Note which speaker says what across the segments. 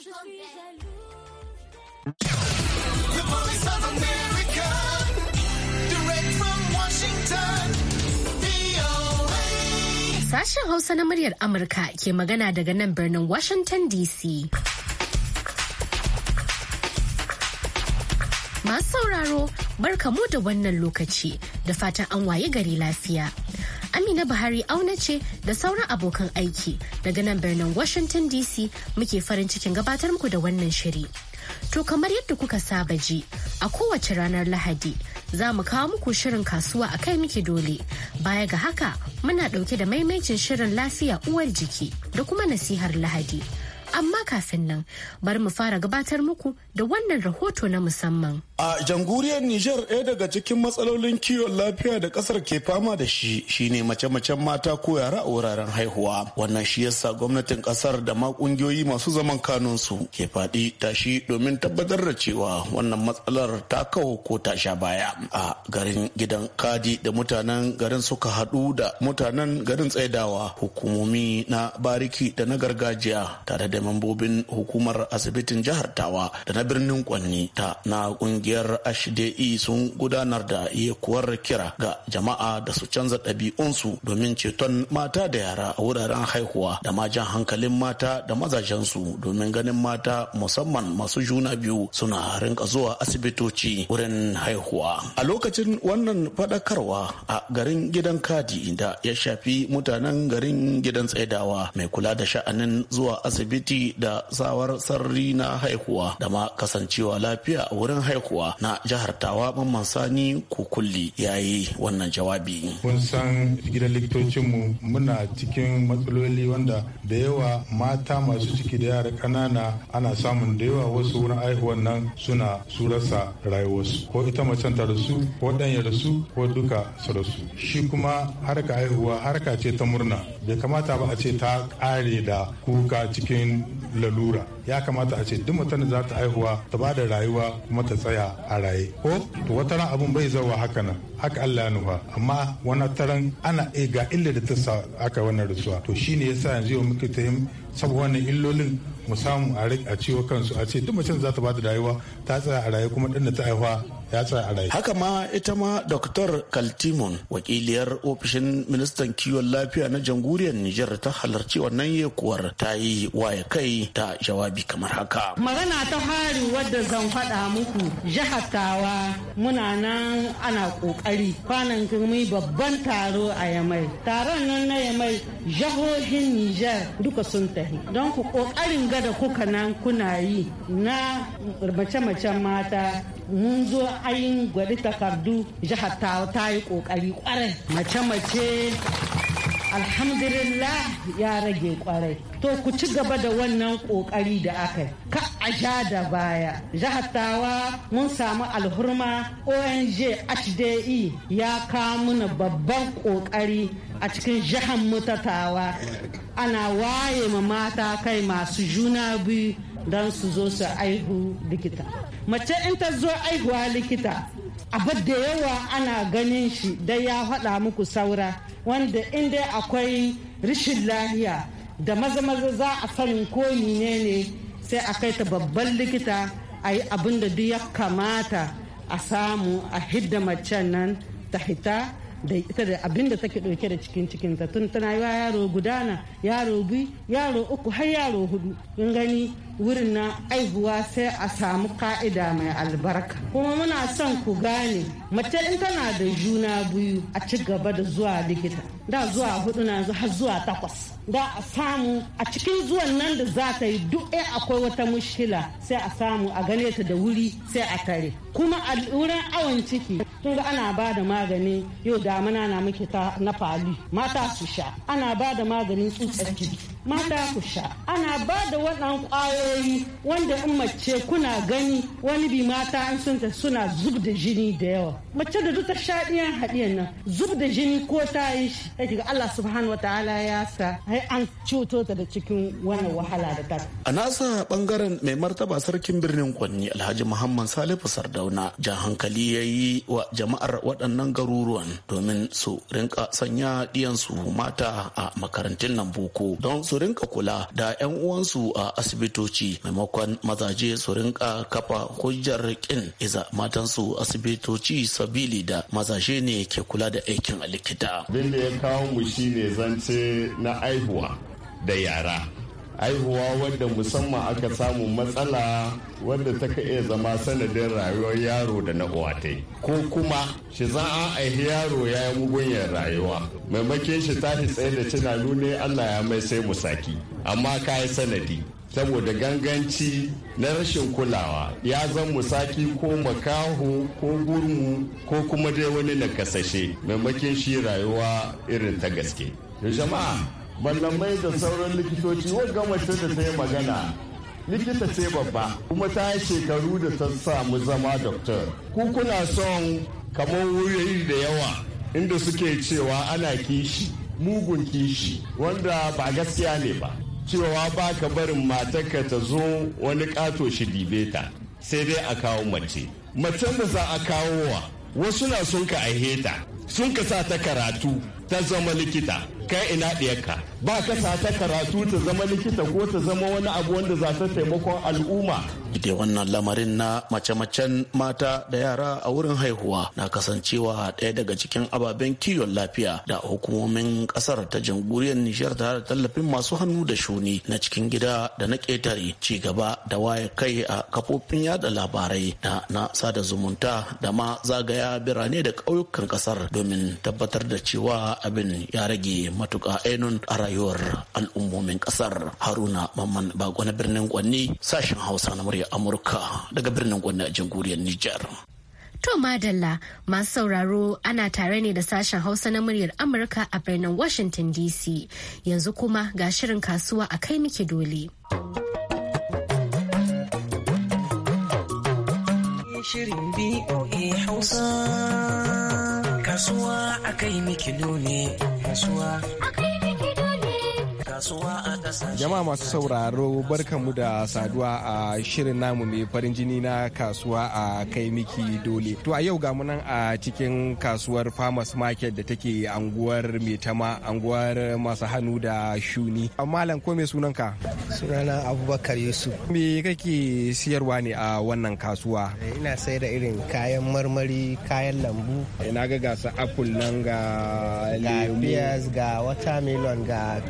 Speaker 1: Sashen
Speaker 2: Hausa na muryar Amurka ke magana daga nan birnin Washington DC. Masu sauraro, mu da wannan lokaci da fatan an waye gari lafiya. Amina Buhari auna ce da sauran abokan aiki daga nan birnin Washington DC muke farin cikin gabatar muku da wannan shiri. To kamar yadda kuka saba ji a kowace ranar Lahadi za mu kawo muku shirin kasuwa a kai muke dole. Baya ga haka muna ɗauke da maimaicin shirin lafiya uwar jiki da kuma nasihar Lahadi. amma kafin nan bari mu fara gabatar muku da wannan rahoto na musamman.
Speaker 3: A janguriyar Nijar ɗaya daga cikin matsalolin kiwon lafiya da ƙasar ke fama da shi shine mace-macen mata ko yara a wuraren haihuwa. Wannan shi yasa gwamnatin ƙasar da ma ƙungiyoyi masu zaman kanunsu ke faɗi tashi domin tabbatar da cewa wannan matsalar ta kawo ko ta sha baya. A garin gidan Kadi da mutanen garin suka haɗu da mutanen garin Tsaidawa hukumomi na bariki da na gargajiya tare da da mambobin hukumar asibitin jihar Tawa da na birnin Kwanni ta na kungiyar HDE sun gudanar da yekuwar kira ga jama'a da su canza ɗabi'unsu domin ceton mata da yara a wuraren haihuwa da majan hankalin mata da mazajensu domin ganin mata musamman masu juna biyu suna rinka zuwa asibitoci wurin haihuwa. A lokacin wannan faɗakarwa a garin gidan kadi da ya shafi mutanen garin gidan tsaidawa mai kula da sha'anin zuwa asibiti asibiti da sawar sarri na haihuwa da ma kasancewa lafiya a wurin haihuwa na jihar tawa mamman sani kukulli ya yi wannan jawabi.
Speaker 4: Kun san gidan likitocinmu muna cikin matsaloli wanda da yawa mata masu ciki da yara ƙanana ana samun da yawa wasu wurin haihuwan nan suna su rasa rayuwarsu ko ita macen ta rasu ko ɗan ya rasu ko duka su rasu. Shi kuma harka haihuwa harka ce ta murna bai kamata ba a ce ta kare da kuka cikin lalura ya kamata a ce duk da za ta haihuwa ta ba da rayuwa kuma ta tsaya a raye ko to wata ran abun bai zawa haka nan haka Allah ya nufa amma wani taran ana e ga illa da ta sa aka wannan rasuwa to shine yasa yanzu yau muke ta saboda wannan illolin mu samu a ciwo kansu a ce duk mutum za ta ba da rayuwa ta tsaya a raye kuma ɗan da ta haihuwa ya tsaya
Speaker 3: haka ma ita ma dr kaltimon wakiliyar ofishin ministan kiwon lafiya na jamhuriyar nijar ta halarci wannan yekuwar ta yi waya kai ta jawabi kamar haka
Speaker 5: magana ta hari wadda zan faɗa muku jihatawa muna nan ana ƙoƙari kwanan gumi babban taro a yamai taron nan na yamai jahohin Nijar duka sun tahi Don ku ƙoƙarin gada kuka nan kuna yi na mace-macen mata mun zo ayin gwadi takardu jihar ta yi ƙoƙari ƙwarai. Mace-mace alhamdulillah ya rage kwarai to ku ci gaba da wannan kokari da aka ka a sha da baya jahattawa mun samu alhurma ong hde ya kawo mana babban kokari a cikin jihar mutatawa ana waye ma mata kai masu juna biyu don su zo su aihu likita mace in ta zo aihuwa likita abu da yawa ana ganin shi dai ya faɗa muku saura wanda inda akwai rishin lahiya da maza-maza za a sanin ko ne sai a kai ta babban likita a yi abin da duk ya kamata a samu a hidda macen nan ta hita da ita da abin da take dauke da cikin cikin ta tun tana yi yaro gudana yaro bi yaro uku har yaro hudu in gani wurin na aihuwa sai a samu ka'ida mai albarka kuma muna son ku gane mace in tana da juna biyu a ci gaba da zuwa likita da zuwa hudu na har zuwa takwas da a samu a cikin zuwan nan da za ta yi duk ɗaya akwai wata mushkila sai a samu a gane ta da wuri sai a tare kuma a wurin awon ciki tun ga ana ba da magani yau damana na muke ta na fali mata su sha ana ba da maganin tsutsar ciki mata ku sha ana ba da waɗan ƙwayoyi wanda in mace kuna gani wani bi mata an sun suna zub da jini da yawa mace da duka sha ɗiyan haɗiyan nan zub da jini ko ta yi shi ga Allah subhanahu wa ta'ala ya sa sai an cuto ta da cikin wannan wahala da ta.
Speaker 3: A nasa bangaren mai martaba sarkin birnin Kwanni Alhaji Muhammad Salifu Sardauna jan hankali ya yi wa jama'ar waɗannan garuruwan domin su rinka sanya ɗiyansu mata a makarantun nan boko don su rinka kula da 'yan uwansu a asibitoci maimakon mazaje su rinka kafa hujjar kin iza matansu asibitoci
Speaker 6: sabili da
Speaker 3: mazaje ne ke kula da aikin a likita.
Speaker 6: Abin da ya kawo mu shine zance na aihu haihuwa da yara haihuwa wadda musamman aka samu matsala wadda ta ka iya zama sanadin rayuwar yaro da na uwatai ko kuma shi za a aihi yaro ya yi mugunyar rayuwa maimakon shi tashi tsaye da tunanu ne allah ya mai sai musaki amma ka yi sanadi saboda ganganci na rashin kulawa ya zan musaki ko makaho ko gurmu ko kuma dai wani nakasashe maimakon shi rayuwa irin ta gaske jama'a Ballamai da sauran likitoci wagga mace da ta yi magana likita ce babba kuma ta yi shekaru da ta samu zama doktor ku kuna son kamar wuri da yawa inda suke cewa ana kishi mugun kishi wanda ba gaskiya ne ba cewa ba ka barin ka ta zo wani kato shi ta sai dai a kawo mace macen da za a kawo wa wasu na sun ka aiheta sun ka sa ta karatu ta zama likita ka ina ɗiyarka ba ka sa ta karatu ta zama likita ko ta zama wani abu wanda za ta taimakon al'umma
Speaker 3: da wannan lamarin na mace-macen mata da yara a wurin haihuwa na kasancewa ɗaya daga cikin ababen kiwon lafiya da hukumomin ƙasar ta jamhuriyar nijar tare da tallafin masu hannu da shuni na cikin gida da na ƙetare ci gaba da waye kai a kafofin yada labarai da na sada zumunta da ma zagaya birane da ƙauyukan ƙasar domin tabbatar da cewa abin ya rage matuka ainun a rayuwar al'ummomin ƙasar haruna mamman bago na birnin kwanni sashen hausa na murya amurka daga birnin gwanni a jamhuriyar nijar
Speaker 2: To Madalla masu sauraro ana tare ne da sashen Hausa na muryar Amurka a birnin Washington DC. Yanzu kuma ga shirin kasuwa a kai muke dole.
Speaker 5: Shirin BOA Hausa. kasuwa akai miki nuni kasuwa akai
Speaker 1: jama
Speaker 7: jama'a masu sauraro barkanmu da saduwa a shirin namu mai farin jini na kasuwa a kai miki dole to a yau ga munan a cikin kasuwar farmers market da take anguwar metama anguwar masu hannu da shuni malam ko me sunanka sunana abubakar yusuf me kake siyarwa ne a wannan kasuwa
Speaker 8: ina sai da irin kayan marmari kayan lambu ina eh, ga gasa apple nan ga lemu ga watermelon
Speaker 7: ga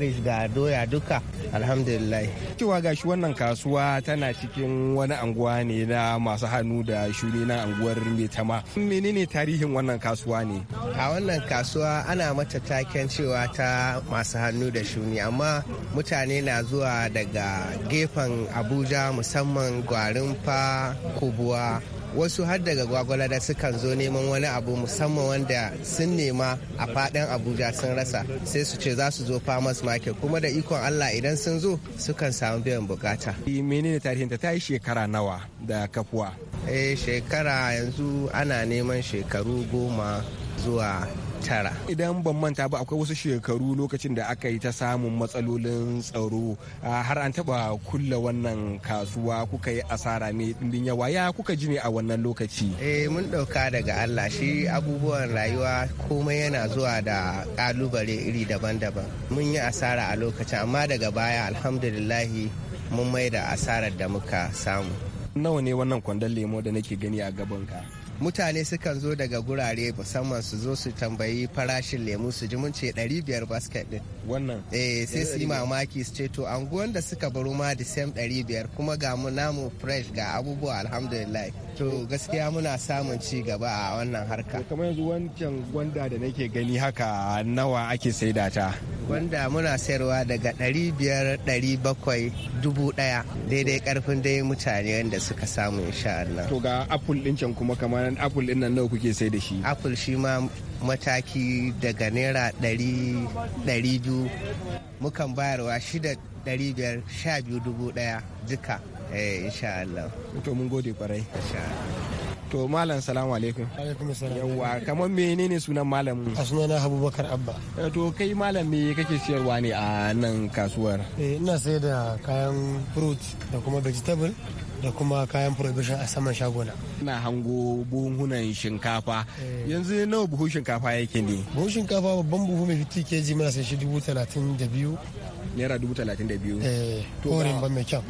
Speaker 7: paris ga doya duka alhamdulillah cewa gashi wannan kasuwa tana cikin wani anguwa ne na masu hannu da shuni na anguwar metama menene tarihin wannan kasuwa ne a wannan kasuwa ana mata taken cewa
Speaker 8: ta masu hannu da shuni amma mutane na zuwa daga gefen abuja musamman gwarin fa kubuwa wasu har daga gwagwala da sukan zo neman wani abu musamman wanda sun nema a faɗin abuja sun rasa sai su ce za su zo farmers market kuma da ikon allah idan sun zo sukan samu biyan bukata eh,
Speaker 7: menene tarihinta ta yi shekara nawa da kafuwa eh, shekara yanzu ana neman shekaru goma zuwa tara idan ban manta ba akwai wasu shekaru lokacin da aka yi ta samun matsalolin tsaro ah, har an taba kulle wannan kasuwa kuka yi asara ne ɗin yawa ya kuka ji ne a wannan lokaci eh mun ɗauka
Speaker 8: daga Allah shi abubuwan rayuwa komai yana zuwa da ƙalubale iri daban-daban mun yi asara a lokacin amma daga baya alhamdulillahi mun mai da
Speaker 7: asarar da muka samu nawa ne wannan kwandon lemo da nake gani a gabanka mutane
Speaker 8: sukan zo daga gurare musamman su zo su tambayi farashin lemu su ji mun ce 500 basket din wannan eh sai su yi mamaki su ce to anguwan da suka baro ma da same 500 kuma ga mu namu fresh ga abubuwa alhamdulillah to gaskiya muna samun ci gaba a wannan harka kamar yanzu wancan gwanda da nake
Speaker 7: gani haka nawa ake saida ta
Speaker 8: gwanda muna sayarwa daga 500 dubu daya daidai karfin dai mutane wanda suka samu insha Allah
Speaker 7: to ga apple din can kuma kamar nan apple din
Speaker 8: nan nawa kuke sai da shi apple shi ma mataki daga naira ɗari ɗari biyu mukan bayarwa shida ɗari biyar sha biyu dubu ɗaya
Speaker 7: duka eh insha Allah to mun gode kwarai to malam salamu alaikum alaikum salam yawa kamar menene sunan malamin a sunana abubakar abba eh, to kai malam me kake siyarwa ne a nan kasuwar
Speaker 9: eh ina sayar da kayan fruit da kuma vegetable da kuma kayan prohibition a saman shagona.
Speaker 7: na hango buhunan shinkafa. Eh. Yanzu nawa buhun shinkafa yake ne?
Speaker 9: Buhun shinkafa babban buhu mai fiti keji mana sai shi dubu talatin da biyu.
Speaker 7: naira dubu talatin da biyu eh,
Speaker 9: forin ba mai kyau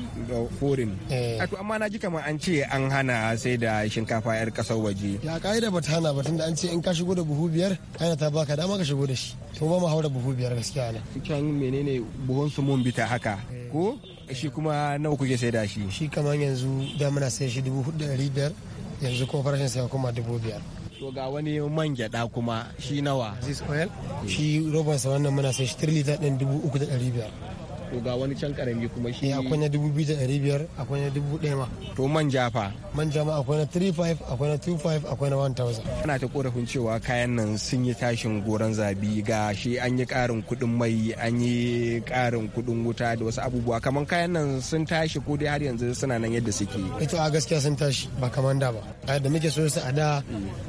Speaker 9: forin eh.
Speaker 7: to amma na ji kamar an ce an hana sai da shinkafa yar kasar waje
Speaker 9: ya ka'ida ba ta hana ba tunda an ce in ka shigo da buhu biyar ana ta baka dama ka shigo da shi to ba mu haura buhu biyar gaskiya na
Speaker 7: can menene buhun su mun bita haka eh. ko shi kuma nawa kuke sai
Speaker 9: da shi shi kamar yanzu da muna sai shi dubu hudu da biyar yanzu kuma farashin sai kuma dubu biyar to ga wani man gyada kuma shi nawa this oil shi robinson wannan muna sai shi 3 liter din 3500
Speaker 7: to ga wani can karami kuma shi eh, akwai na
Speaker 9: dubu biyu da ɗari biyar akwai na dubu ɗaya ma
Speaker 7: to manja fa
Speaker 9: manja ma akwai na 35 akwai na 25 akwai na 1000
Speaker 7: ana ta korafin cewa kayan nan sun yi tashin goron zabi ga shi an yi ƙarin kuɗin mai an yi ƙarin kuɗin wuta da wasu abubuwa kamar kayan nan sun tashi ko dai har yanzu suna nan yadda suke
Speaker 9: ito eh, a gaskiya sun tashi ba kamar da ba a yadda muke so su a da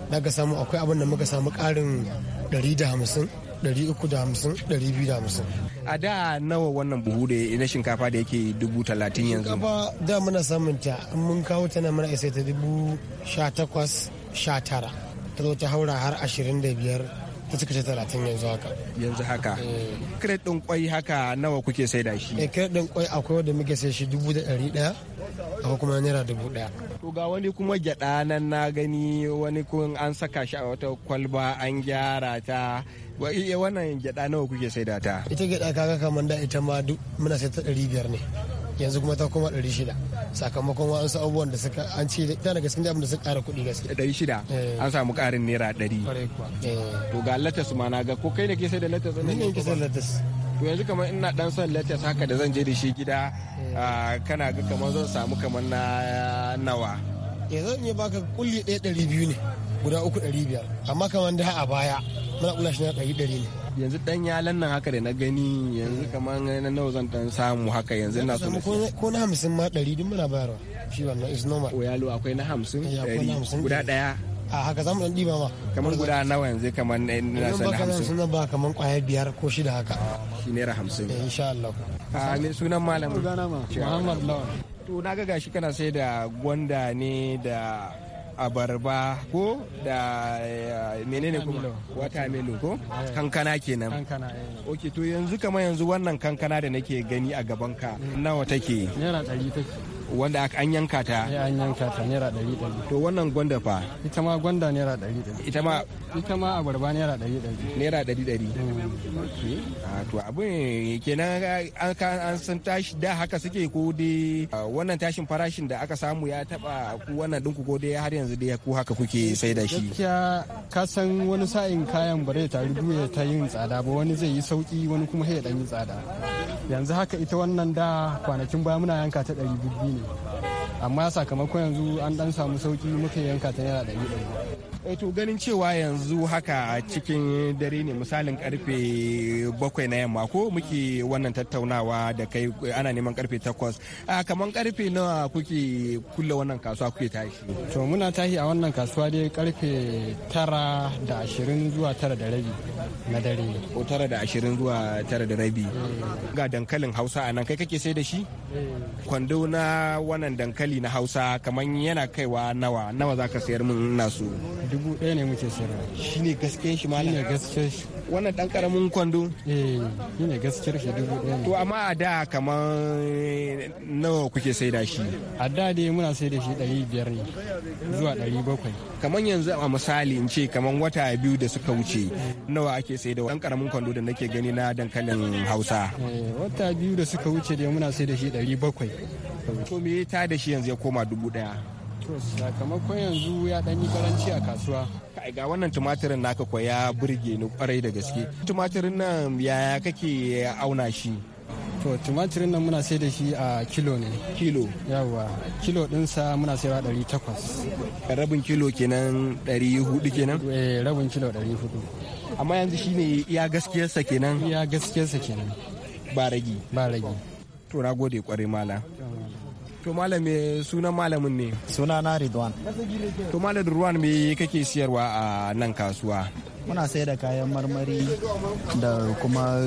Speaker 9: daga mm. samu akwai abin da muka samu ƙarin 150 350
Speaker 7: a da nawa wannan buhu da na shinkafa da yake dubu talatin yanzu shinkafa
Speaker 9: da muna samun ta mun kawo ta na isa ta dubu sha takwas sha tara ta zo ta haura har ashirin da biyar ta cika ta talatin yanzu haka
Speaker 7: yanzu haka eh. kiret din kwai haka nawa kuke sai da shi eh,
Speaker 9: kiret din kwai akwai wanda muke sai shi dubu da ɗari ɗaya akwai kuma naira dubu ɗaya to ga wani kuma gyaɗa nan na
Speaker 7: gani wani kun an saka shi a wata kwalba an gyara ta wa iya wannan gyada nawa kuke saida ta
Speaker 9: ita gyada kaga kamar da ita ma duk muna sai ta biyar ne yanzu kuma ta kuma ɗari shida sakamakon wa'ansu abubuwan da suka an ce ita daga sun da suka kara kuɗi gaske shida eh.
Speaker 7: an samu karin naira ɗari eh. to ga latas ma na ga ko kai da ke sai da latas ne ne ke sai latas to yanzu kamar ina dan son latas haka da zan je da shi gida eh. kana ga kamar
Speaker 9: zan samu kamar na nawa yanzu in yi baka kulli ɗaya ɗari biyu ne guda uku ɗari biyar amma kamar da a baya muna kula shi na ɗari ɗari ne yanzu dan yalan nan
Speaker 7: haka da na gani yanzu kamar na nawa zan dan samu haka yanzu na so
Speaker 9: ko na hamsin ma ɗari duk muna bayarwa shi wannan is normal o yalo akwai na hamsin ɗari guda ɗaya a haka zamu dan diba ma kamar guda nawa yanzu kamar na na san hamsin sunan ba kamar kwaya biyar ko shida haka shi naira hamsin eh, insha Allah a ne sunan malam Muhammad
Speaker 7: Lawan to na ga gashi kana sai da gwanda ne da abarba ko da eh, menene kuma Wata milo ko eh. kankana kenan
Speaker 9: eh.
Speaker 7: ok to yanzu kamar yanzu wannan kankana da nake gani a gaban ka nawa take naira 100 take wanda aka an yanka ta eh, an yanka ta naira ɗari ɗari to wannan gwanda fa ita ma gwanda naira ɗari ɗari ita ma ita ma abarba naira ɗari ɗari naira ɗari ɗari mm. ah, to abin kenan an san tashi da haka suke ko dai ah, wannan tashin farashin da aka samu ya taba ku wannan ɗinku ko dai har yanzu dai ku haka kuke sai da shi gaskiya ka san wani sa'in kayan ba zai taru duya ta yin tsada ba wani zai yi sauki wani kuma ya ɗan yi tsada yanzu haka ita wannan da kwanakin baya muna yanka ta ɗari biyu ne amma sakamakon yanzu an dan samu sauki muka yanka ta naira ɗari ɗari Eh, to ganin cewa yanzu haka cikin dare ne misalin karfe bakwai na yamma ko muke wannan tattaunawa da kai ana neman karfe takwas. A ah, kamar karfe nawa kuke kulle wannan kasuwa kuke tashi? To muna tashi a wannan kasuwa dai karfe tara da ashirin zuwa tara da rabi na dare. Ko tara da ashirin zuwa tara da rabi. Eh. Ga dankalin Hausa a nan kai kake sai da shi? Eh. Kwando na wannan dankali na Hausa kamar yana kaiwa nawa nawa za ka sayar min nasu dubu ɗaya ne muke sayarwa ne gaskiyar shi malam shine gaskiyar shi wannan dan karamin kwando eh ne gaskiyar shi dubu ɗaya ne to amma a da kaman nawa kuke saida shi a da dai muna saida shi ɗari biyar ne zuwa ɗari bakwai kaman yanzu a misali in ce kaman wata biyu da suka wuce nawa ake saida dan karamin kwando da nake gani na dankalin hausa eh, wata biyu da suka wuce dai muna saida shi ɗari bakwai to me ta da shi yanzu ya koma dubu ɗaya sakamakon yanzu ya dan yi karanci a kasuwa. ga wannan tumatirin naka ko ya burge ni kwarai da gaske. Tumatirin nan yaya kake auna shi? To tumatirin nan muna sai da shi a kilo ne. Kilo? Yawwa, kilo sa muna saiwa ɗari takwas. Rabin kilo kenan ɗari kenan? Eh, rabin kilo ɗari Amma yanzu shine iya gaskiyarsa kenan? Iya gaskiyarsa kenan. Ba ragi? Ba ragi. To na gode kwarai mala. To malami sunan malamin ne? Suna na Ridwan. To malam Ridwan me kake siyarwa a nan kasuwa?
Speaker 10: Muna sai da kayan marmari
Speaker 7: da kuma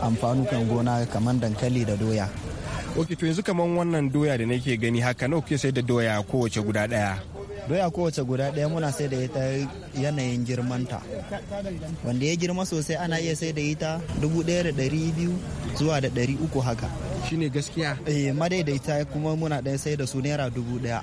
Speaker 10: amfanukan
Speaker 7: gona kamar dankali da doya. Ok to yanzu kamar wannan doya da nake gani haka nawa kuke sai da doya kowace guda daya?
Speaker 10: doya kowace guda ɗaya muna sai da ita yanayin girmanta wanda ya girma sosai ana iya sai da ita dubu ɗaya da ɗari biyu zuwa da ɗari uku haka shine gaskiya eh madaidaita kuma muna ɗaya
Speaker 7: sai da su naira dubu ɗaya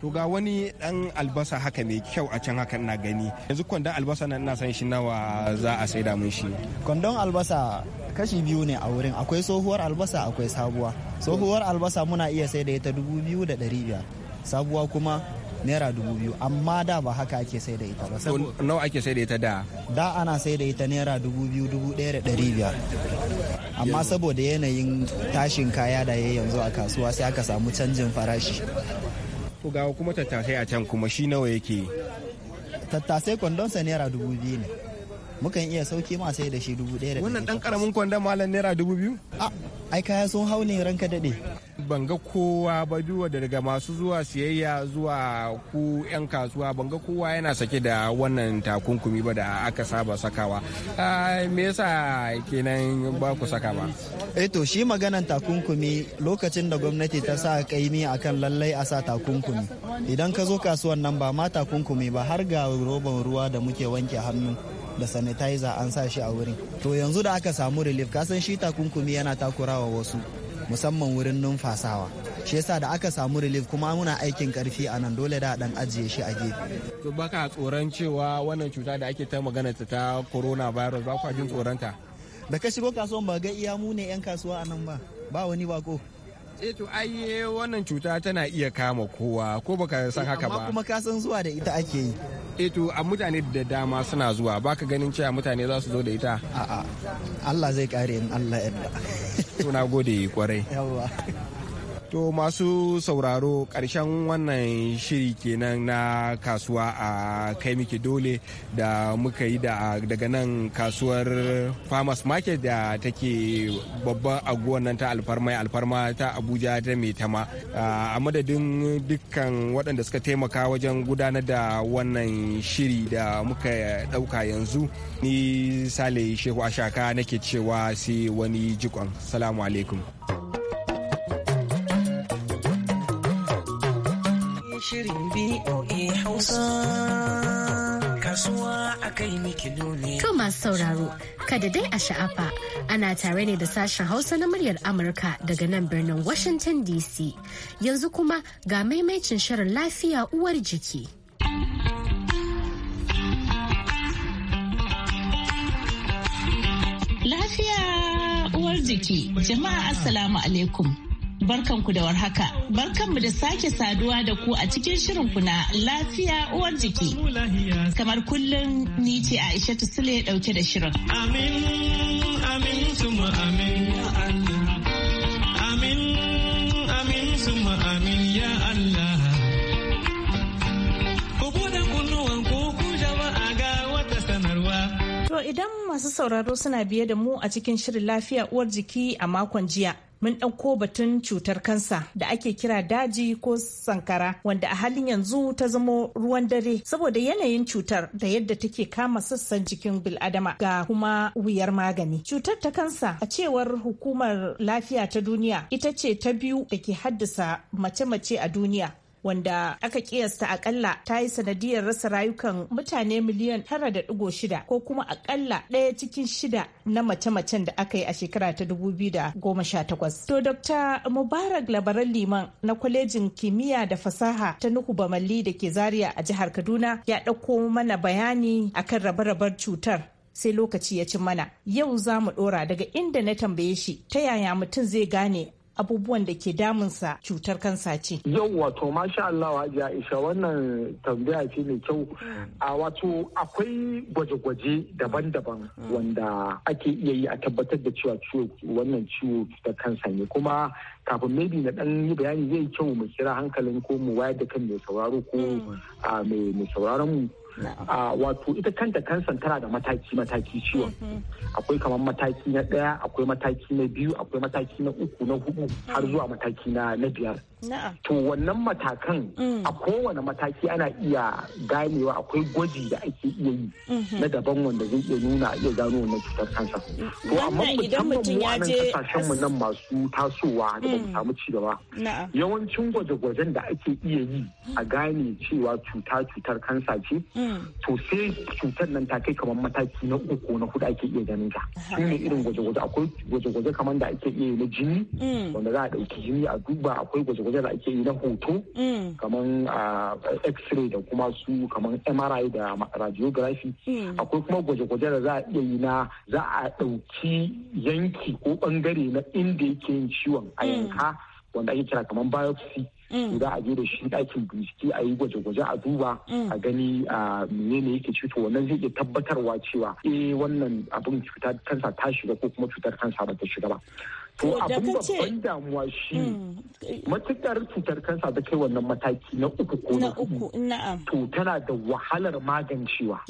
Speaker 7: to ga wani dan albasa haka mai kyau a can haka na gani yanzu kwandon albasa na ina san shi nawa za a saida mun shi kwandon albasa
Speaker 10: kashi biyu ne a wurin akwai tsohuwar albasa akwai sabuwa tsohuwar albasa muna iya da ita dubu biyu da ɗari biyar sabuwa kuma naira dubu biyu amma da ba haka ake sai da ita ba
Speaker 7: nawa ake sai da ita da
Speaker 10: da ana sai da ita naira dubu biyu dubu ɗaya da dari biyar amma saboda yanayin tashin kaya da ya yanzu a kasuwa sai aka samu canjin
Speaker 7: farashi to ga kuma tattasai a can kuma shi nawa yake
Speaker 10: tattasai kwandonsa naira dubu biyu ne mukan iya sauke ma sai da shi dubu ɗaya da wannan dan karamin kwandon malam naira dubu biyu a ah, ai kaya sun hau ne ranka daɗe
Speaker 7: ban ga kowa ba duwa daga masu zuwa siyayya zuwa ku yan kasuwa ban ga kowa yana sake da wannan takunkumi ba da aka saba sakawa me yasa kenan ba ku saka ba
Speaker 10: eh to shi maganan takunkumi lokacin da gwamnati ta sa kaimi akan lallai a sa takunkumi idan ka zo kasuwan nan ba ma takunkumi ba har ga roban ruwa da muke wanke hannu da sanitizer an sa shi a wurin to yanzu da aka samu relief kasan shi takunkumi yana takurawa wasu musamman wurin numfasawa shi yasa da aka samu relief kuma muna aikin karfi a nan dole da dan ajiye shi a gefe
Speaker 7: to baka tsoron cewa wannan cuta da ake ta magana ta coronavirus ba kwa jin tsoronta da ka shigo kasuwan
Speaker 10: ba ga iya mu ne yan kasuwa a nan ba ba wani bako
Speaker 7: e to ai wannan cuta tana iya kama kowa ko baka san eh, haka ba amma kuma ka san zuwa da ita ake yi e to a mutane da dama suna zuwa baka ganin cewa mutane za su zo da ita a'a
Speaker 10: Allah zai kare
Speaker 7: in Allah yarda to na gode kwarai yawa To masu sauraro ƙarshen wannan shiri kenan na kasuwa a kai miki dole da muka yi daga nan kasuwar farmers market da take babban aguwan nan ta alfarma alfarma ta abuja ta mai tama a madadin dukkan waɗanda suka taimaka wajen gudanar da wannan shiri da muka ɗauka yanzu ni sale shehu ashaka nake cewa sai wani jikon salamu alaikum.
Speaker 5: Shirin BOA Hausa. Kasuwa a kai miki dole. To
Speaker 2: masu sauraro, kada dai a sha'afa ana tare ne da sashen Hausa na muryar Amurka daga nan birnin Washington DC. Yanzu kuma ga maimacin shirin lafiya uwar jiki.
Speaker 11: Lafiya uwar jiki, jama'a Assalamu alaikum. Barkanku da warhaka. Barkanmu da sake saduwa da ku a cikin shirin ku na lafiya uwar jiki. Kamar kullum ni ce Aisha Sule dauke da shirin.
Speaker 5: Amin, amin,
Speaker 6: suma amin
Speaker 11: To idan masu sauraro suna biye da mu a cikin shirin lafiya uwar jiki a makon jiya. mun ɗauko batun cutar kansa da ake kira daji ko sankara wanda a halin yanzu ta zamo ruwan dare saboda yanayin cutar da yadda take kama sassan jikin bil'adama ga kuma wuyar magani. Cutar ta kansa a cewar hukumar lafiya ta duniya ita ce ta biyu da ke haddasa mace-mace a duniya wanda aka kiyasta akalla ta yi sanadiyar rasa rayukan mutane miliyan 9.6 ko kuma akalla ɗaya cikin shida na mace-macen da aka yi a shekara ta 2018. To Dr. Mubarak labaran liman na kwalejin kimiyya da fasaha ta Nuhu Bamalli da ke Zaria a jihar Kaduna ya ɗauko mana bayani akan rabe-raben cutar sai lokaci ya ci mana yau za mu dora daga inda na tambaye shi ta yaya mutum zai gane abubuwan da ke damunsa cutar kansa ce.
Speaker 12: Yau wato masha Allah Hajiya Aisha wannan tambaya ce mai kyau. A wato akwai gwaje-gwaje daban-daban wanda ake iya yi a tabbatar da cewa wannan ciwo da kansa ne kuma kafin mebi na dan yi bayani zai kyau mu kira hankalin ko mu wayar da kan mai sauraro ko mm. ah, mai sauraron mu a ah, wato ita kanta kansan tana da mataki mataki ciwon mm-hmm. akwai kamar mataki na ɗaya akwai mataki na biyu akwai mataki na uku na hudu har mm-hmm. zuwa mataki na biyar To wannan matakan mm. a kowane mataki ana iya ganewa akwai gwaji da ake iya yi mhm. na daban wanda zai iya nuna iya gano wannan cutar kansa.
Speaker 1: To amma musamman mu a nan kasashen mu nan
Speaker 12: masu tasowa da ba mu mm. samu ci gaba. Yawancin gwaje-gwajen da ake iya yi a mm. gane cewa cuta cutar kansa ce. To sai cutar nan ta kai kamar mataki na uku na hudu ake iya ganin ta. sune ne irin gwaje-gwaje akwai gwaje-gwaje kamar da ake iya yi na jini wanda za a ɗauki jini a duba akwai gwaje gwaje da ake yi na hoto mm. kamar x-ray da kuma su kamar mri da radiography mm. akwai kuma gwaje-gwaje da za a iya yi na za a ɗauki yanki ko ɓangare na inda yake yin ciwon a mm. yanka wanda ake kira kamar biopsy Mm. za a je da shi ɗakin bincike a yi gwaje-gwaje a duba mm. a gani a menene yake cuta wannan zai iya tabbatarwa cewa eh wannan abin cutar kansa ta shiga ko kuma cutar kansa ba ta shiga ba to abin babban damuwa shi mm. matukar cutar kansa ta kai wannan mataki na uku ko na uku to tana da wahalar magancewa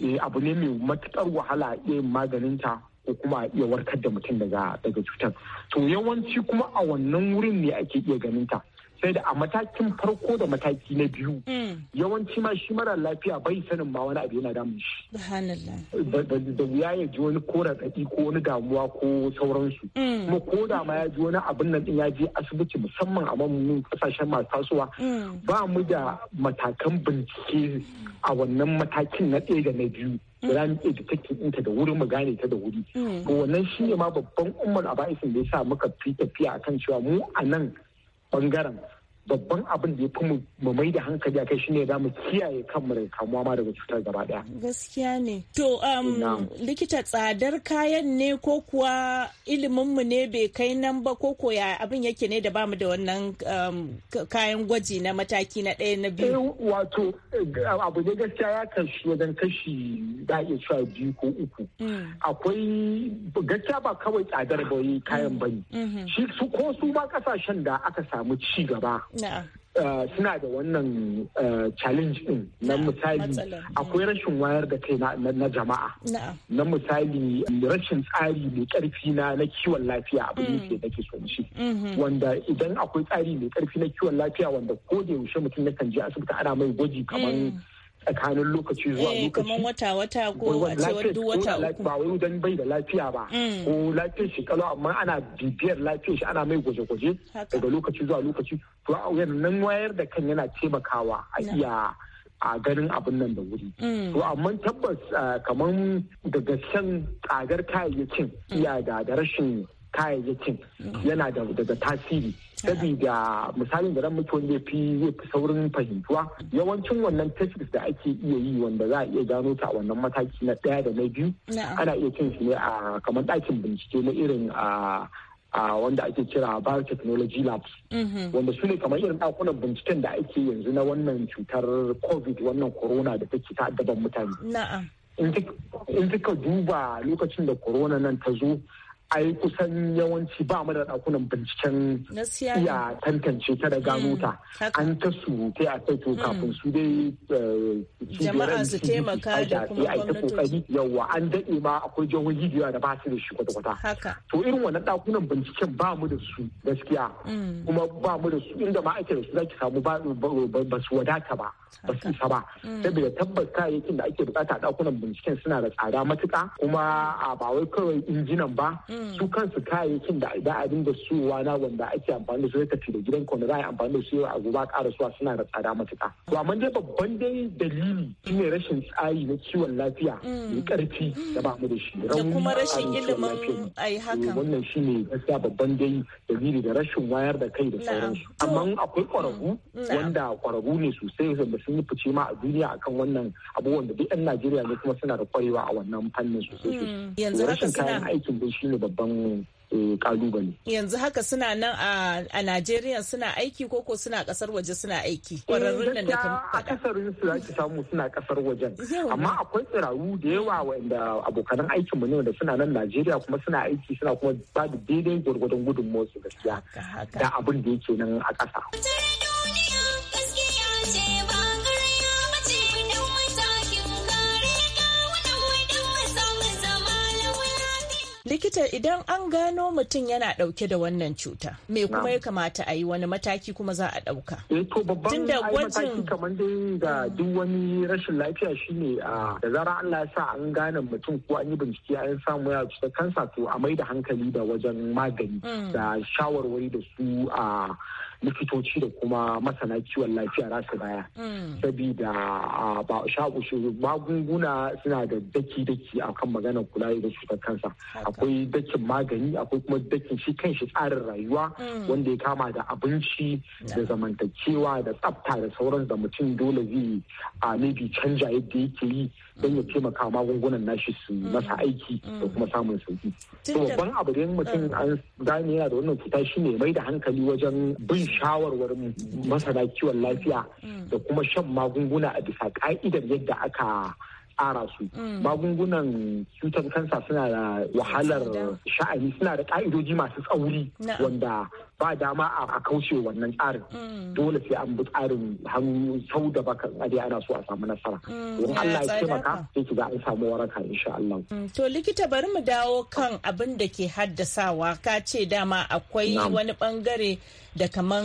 Speaker 12: eh abu ne mai matukar wahala iya maganin ta ko kuma a iya warkar da mutum daga daga cutar to yawanci kuma a wannan wurin ne ake iya ganin ta sai da a matakin farko da mataki na biyu mm. yawanci ma shi mara lafiya bai sanin ma wani abu yana damun shi da wuya ya ji wani ko raɗaɗi ko wani damuwa ko sauransu mm. kuma ko da ma ya ji wani abin nan din ya je asibiti musamman a mamun kasashen masu tasowa mm. ba mu da matakan bincike a wannan matakin na ɗaya da na biyu za mu iya ɗinta da wuri mu gane ta da wuri to wannan shi ne ma babban umar a ba'isin da ya sa muka fi tafiya a kan cewa mu a nan bangaren babban abin da ya fi mu mai da hankali a kai shine za mu kiyaye kanmu daga kamuwa ma daga cutar gaba
Speaker 11: daya. Gaskiya ne. To um, likita tsadar kayan ne ko kuwa ilimin mu ne bai kai nan ba ko ko ya abin yake ne da ba mu da wannan um, kayan gwaji na mataki na ɗaya na biyu. Eh,
Speaker 12: wato eh, abu ne gaskiya ya kashi wajen kashi da iya cewa biyu ko uku. Mm. Akwai gaskiya ba kawai tsadar ba eh, kayan bane. Mm-hmm. Mm-hmm. Shi su ko su ma kasashen da aka samu ci gaba Eh, suna da wannan eh, challenge din na misali mm. akwai rashin wayar da kai na jama'a na misali rashin tsari mai karfi na kiwon lafiya abin mm. da ke nake so shi mm-hmm. wanda idan akwai tsari mai karfi na kiwon lafiya wanda ko da yaushe mutum yakan je asibiti ana mai gwaji kamar mm. tsakanin lokaci zuwa eh, lokaci. kamar
Speaker 11: wata wata ko a cewar duk wata uku.
Speaker 12: Ba wai wajen bai da lafiya ba. Mm. Ko lafiyar shi kalau amma ana bibiyar lafiyar shi ana mai gwaje-gwaje daga lokaci zuwa lokaci. To a nan wayar da kan yana taimakawa a iya a ganin abin nan da wuri. Mm. To amma tabbas ah, kamar daga shan tsadar kayayyakin mm. iya da rashin kayayyakin yana daga tasiri sabida misalin da ran mutuwan ya fi zai fi saurin fahimtuwa yawancin wannan tesis da ake iya yi wanda za a iya gano ta a wannan mataki na ɗaya da na biyu ana iya cin su ne a kamar ɗakin bincike na irin a a wanda ake kira biotechnology labs mhm. wanda su ne kamar irin ɗakunan binciken da ake yanzu na wannan cutar covid wannan corona da take ta addaban mutane in kika duba lokacin da corona nan ta zo a yi kusan yawanci ba mu da ɗakunan binciken ya tantance ta da gano mm, ta an ta surutai a kai to mm. kafin su dai eh, jama'a su taimaka da kuma gwamnati yawa an daɗe ma akwai jihohin da da ba su da shi kwata-kwata to irin wannan ɗakunan binciken ba mu da su gaskiya mm. kuma ba mu da su inda ma ake da su zaki samu ba su wadata ba ba su isa ba mm. saboda tabbas kayayyakin da ake bukata dakunan binciken suna da tsada matuka kuma a ba wai kawai injinan ba mm. su kansu kayayyakin da za a dinga suwa na wanda ake amfani da su ya tafi da gidan kwanu za a yi amfani da su a gobe a suwa suna da tsada matuka to amma dai babban dai dalili shine rashin tsari na kiwon lafiya mm. mai karfi da ba mu da shi da kuma rashin ilimin ai eh, haka wannan shine gaskiya babban dai dalili da rashin wayar da kai da sauransu amma akwai kwararru wanda ƙwararru ne sosai sun yi fice ma a duniya akan wannan abubuwan da duk 'yan Najeriya ne kuma suna da kwarewa a wannan fannin sosai. Hmm. Yanzu rashin kayan aikin dai shine babban eh, kalubale.
Speaker 11: Yanzu haka suna nan a Najeriya suna aiki ko ko suna kasar waje suna aiki. Eh, Kwararrun nan da kan
Speaker 12: A kasar za ki samu suna kasar wajen. Amma akwai tsiraru da yawa wanda abokanan aikin mu ne wanda suna nan Najeriya kuma suna aiki suna kuma ba da daidai gwargwadon su gaskiya da abin da yake nan a ƙasa.
Speaker 11: likita idan an gano mutum yana dauke da wannan cuta me kuma ya kamata a yi wani mataki kuma za a
Speaker 1: dauka eh, tunda gwajin
Speaker 12: kamar dai da duk wani rashin lafiya shine a ah, da zara Allah ya sa an gane mutum ko an yi bincike an samu ya cutar kansa to a mai da hankali da wajen magani mm. da shawarwari da su a ah, likitoci da kuma masana kiwon lafiya za baya. Mm. Sabida ba magunguna suna da daki-daki akan magana kula da cutar kansa. Akwai dakin magani akwai kuma dakin shi kanshi tsarin rayuwa mm. wanda ya kama da abinci da zamantakewa da tsafta da sauran da mutum dole zai a canja yadda yake yi don ya taimaka magungunan nashi su mm. masa aiki mm. da kuma samun sauki to babban abu da mutum mm. an gane yana da wannan cuta shine mai da hankali wajen bin shawarwarin masana kiwon lafiya da kuma shan magunguna a bisa ka'idar yadda aka tsara su magungunan cutar kansa suna da wahalar sha'ani suna da ka'idoji masu tsauri wanda ba dama a kaushe wannan tsarin mm. dole sai an bi tsarin hannu sau da baka ade ana so a samu nasara mm. don Allah ya taimaka sai ki ga an samu waraka insha Allah mm.
Speaker 11: to likita bari mu dawo kan abin da ke haddasawa ka ce dama akwai wani bangare da kaman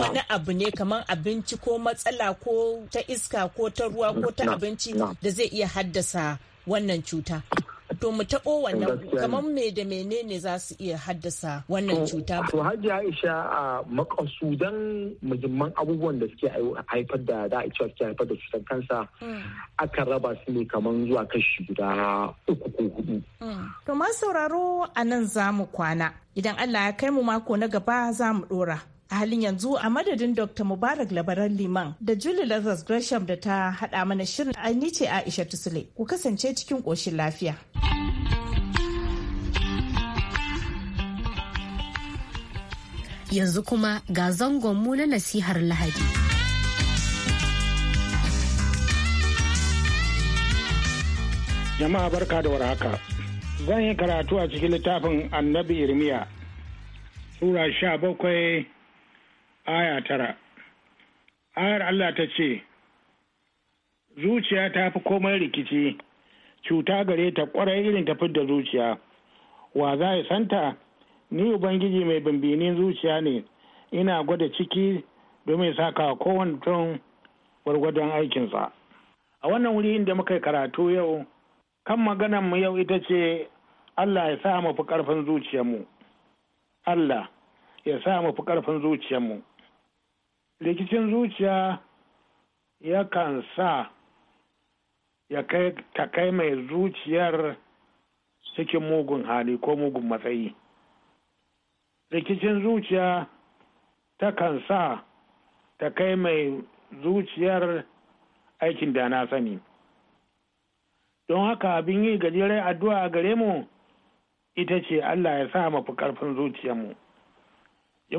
Speaker 11: wani abu ne kaman abinci ko matsala ko ta iska ko ta ruwa ko ta abinci da zai iya haddasa wannan cuta to mu taɓo wannan kamar me da menene za su iya haddasa wannan cuta.
Speaker 12: To Hajji Aisha a makasudan muhimman abubuwan da suke haifar da da cewa suke haifar da cutar kansa hmm. aka raba su ne kamar zuwa kashi guda uku ko
Speaker 11: hudu. Hmm. To ma sauraro a nan za mu kwana. Idan Allah ya kai mu mako na gaba za mu ɗora. a halin yanzu a madadin dr mubarak labaran liman da julie lazarus gresham da ta hada mana shirin ni ce aisha tusule ku kasance cikin koshin lafiya.
Speaker 2: Yanzu kuma ga zangonmu na nasihar Lahadi.
Speaker 4: Jama'a barka da warhaka. Zan yi karatu a cikin littafin Annabi Irmiya, Sura sha bakwai aya tara. Ayar Allah ta ce, Zuciya ta fi komai rikici, cuta gare ta kwarai irin tafi da zuciya, wa za ya santa? ni ubangiji mai bambini zuciya ne ina gwada ciki domin saka kowane tun gwargwadon aikinsa a wannan wuri inda muka karatu yau kan maganan mu yau ita ce allah ya sa mu fi karfin zuciyarmu allah ya sa mu fi karfin zuciyarmu rikicin zuciya ya kan sa ya kai ta kai mai zuciyar cikin mugun hali ko mugun matsayi rikicin zuciya ta kan sa ta kai mai zuciyar aikin da na sani don haka abin yi gajeren addu'a a gare mu ita ce allah ya sa mafi ƙarfin zuciyarmu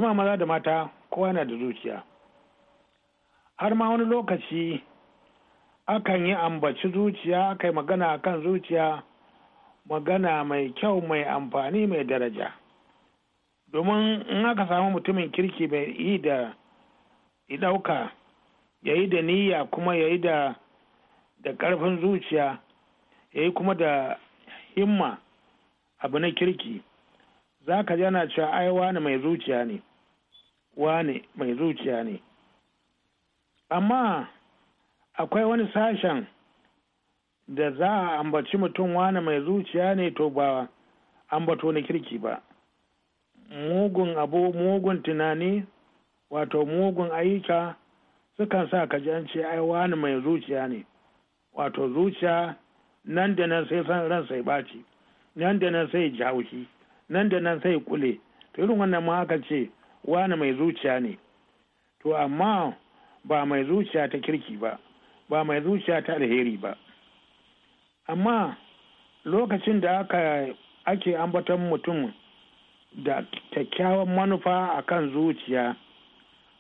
Speaker 4: ma maza da mata kowa na da zuciya har ma wani lokaci akan yi ambaci zuciya kai magana kan zuciya magana mai kyau mai amfani mai daraja domin in aka samu mutumin kirki bai yi da ɗauka ya yi da niyya kuma ya yi da ƙarfin zuciya ya yi kuma da himma abu na kirki za ka jana cewa ai wani mai zuciya ne wani mai zuciya ne amma akwai wani sashen da za a ambaci mutum wani mai zuciya ne to ba ambato na kirki ba mugun abu mugun tunani wato mugun ayyuka sukan sa ka ce ai wani mai zuciya ne wato zuciya nan da nan sai san ran sai baci nan da nan sai jawushi nan da nan sai kule to irin wannan ma haka ce wani mai zuciya ne to amma ba mai zuciya ta kirki ba ba mai zuciya ta alheri ba amma lokacin da aka ake ambaton mutum da kyakkyawan manufa a kan zuciya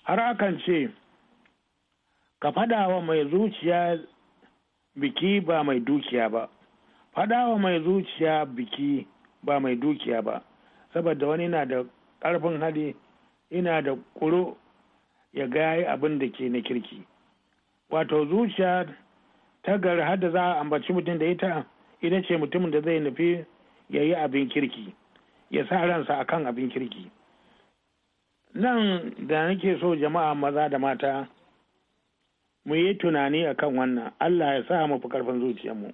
Speaker 4: har akan ce ka faɗawa mai zuciya biki ba mai dukiya ba faɗawa mai zuciya biki ba mai dukiya ba saboda wani na da ƙarfin hali ina da ƙuro ya gaya abin da ke na kirki wato zuciya ta gari har za a ambaci mutum da ita ita ce mutumin da zai nufi ya yi abin kirki ya sa ransa kan abin kirki nan da nake so jama'a maza da mata mu yi tunani a kan wannan allah ya sa mu fi karfin zuciyarmu